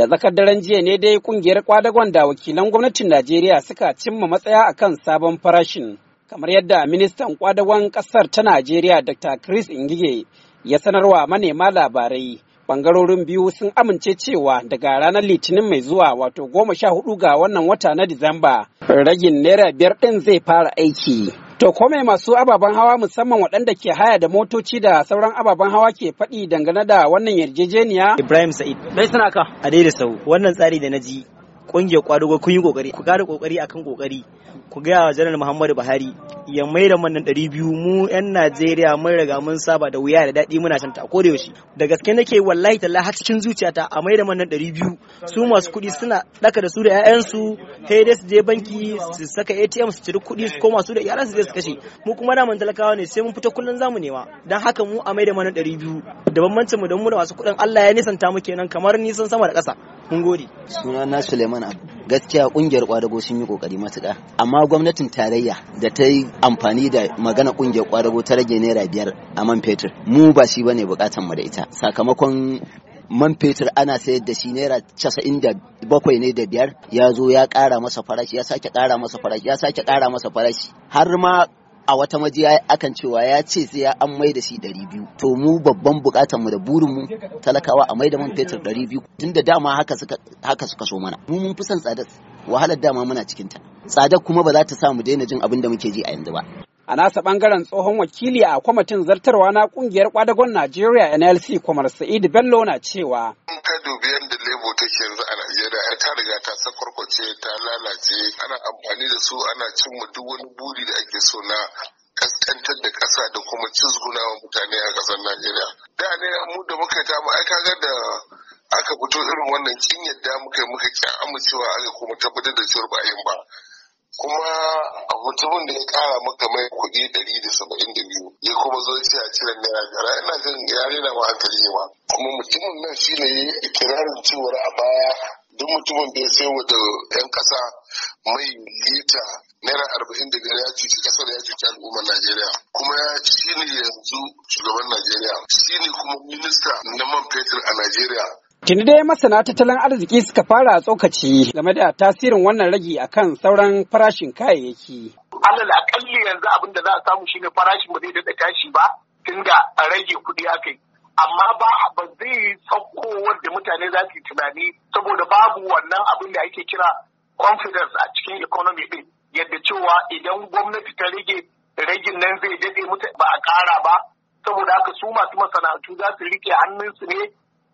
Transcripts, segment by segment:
da zakar daren jiya ne dai kungiyar kwadagon da wakilan gwamnatin Najeriya suka cimma matsaya akan sabon farashin. Kamar yadda ministan kwadagon kasar ta Najeriya Dr. Chris Ingige ya sanarwa manema labarai. Bangarorin biyu sun amince cewa daga ranar Litinin mai zuwa wato goma sha hudu ga wannan wata na Disamba ragin naira biyar ɗin zai fara aiki. To kome masu ababen hawa musamman waɗanda ke haya da motoci da sauran ababen hawa ke faɗi dangane da wannan yarjejeniya? Ibrahim Sa'id. Mai suna ka. A daidai sau. Wannan tsari da na ji kungiyar kwadugo kun yi kokari ku kara kokari akan kokari ku gaya wa janar muhammadu buhari ya mai da mannan ɗari biyu mu yan najeriya mun riga mun saba da wuya da daɗi muna shanta ko da yaushe da gaske nake wallahi talla har cikin zuciyata a mai da manan ɗari biyu su masu kuɗi suna ɗaka da su da 'ya'yansu sai dai su je banki su saka atm su ciri kuɗi su koma su da yaran su je su kashe mu kuma daman talakawa ne sai mun fita kullum zamu nema dan haka mu a mai da mannan ɗari biyu da bambancin mu don mu da masu kuɗin allah ya nisanta mu kenan kamar nisan sama da ƙasa mun suna na Suleiman Abu gaskiya kungiyar kwadago sun yi kokari matuƙa amma gwamnatin tarayya da ta yi amfani da magana kungiyar kwadago ta rage naira biyar a man fetur mu ba shi bane buƙatan mu da ita sakamakon man fetur ana sayar da shi naira casa'in da bakwai ne da biyar ya zo ya ƙara masa farashi ya sake ƙara masa farashi ya sake ƙara masa farashi har ma a wata majiya akan cewa ya ce sai ya an mai da shi biyu. to mu babban bukatar mu da burin mu talakawa a mai da man fetur 200 tunda dama haka suka haka suka so mana mu mun fi son tsadar wahalar dama muna cikin ta tsada kuma ba za ta sa mu daina jin abin da muke ji a yanzu ba a nasa bangaren tsohon wakili a kwamitin zartarwa na kungiyar kwadagon Najeriya NLC Kwamar Sa'id Bello na cewa in ka dubi yadda lebo take ta ce ta lalace ana amfani da su ana cin duk wani buri da ake so na kaskantar da ƙasa da kuma wa mutane a ƙasar Najeriya. Da ne mu da muka ta mu aika ga da aka fito irin wannan kin yadda muka muka ki amincewa aka kuma tabbatar da cewa ba a yin ba. Kuma a mutumin da ya kara maka mai kuɗi ɗari da saba'in da biyu ya kuma zo ce a cire naira gara ina jin ya rena ma ne ba. Kuma mutumin nan shi ne ikirarin cewar a baya duk mutumin bai ya wata 'yan kasa mai lita naira arba'in da biyar ya cuci kasar ya cuci al'ummar najeriya kuma ya shi ne yanzu shugaban najeriya shi ne kuma minista na man fetur a najeriya Tuni dai masana tattalin arziki suka fara tsokaci game da tasirin wannan ragi akan sauran farashin kayayyaki. Alal akalli yanzu abin da za a samu shine farashin ba zai daɗa tashi ba tunda rage kuɗi aka yi. Amma ba ba zai abubuwan da mutane za su yi tunani saboda babu wannan abin da ake kira confidence a cikin economy din yadda cewa idan gwamnati ta rage ragin nan zai daɗe mutu ba a ƙara ba saboda haka su masu masana'antu za su rike hannunsu ne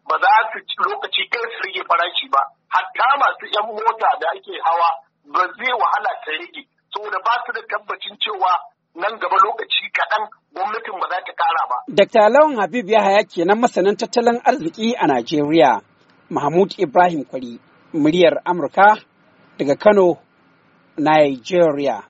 ba za su lokaci ɗaya su rage farashi ba hatta masu 'yan mota da ake hawa ba zai wahala ta rage saboda ba su da tabbacin cewa nan gaba lokaci kaɗan gwamnatin ba za ta kara ba. Dr. Lawan Habib Yahaya kenan masanin tattalin arziki a Najeriya. Mahmud Ibrahim Kwari, muryar Amurka daga Kano, Nigeria.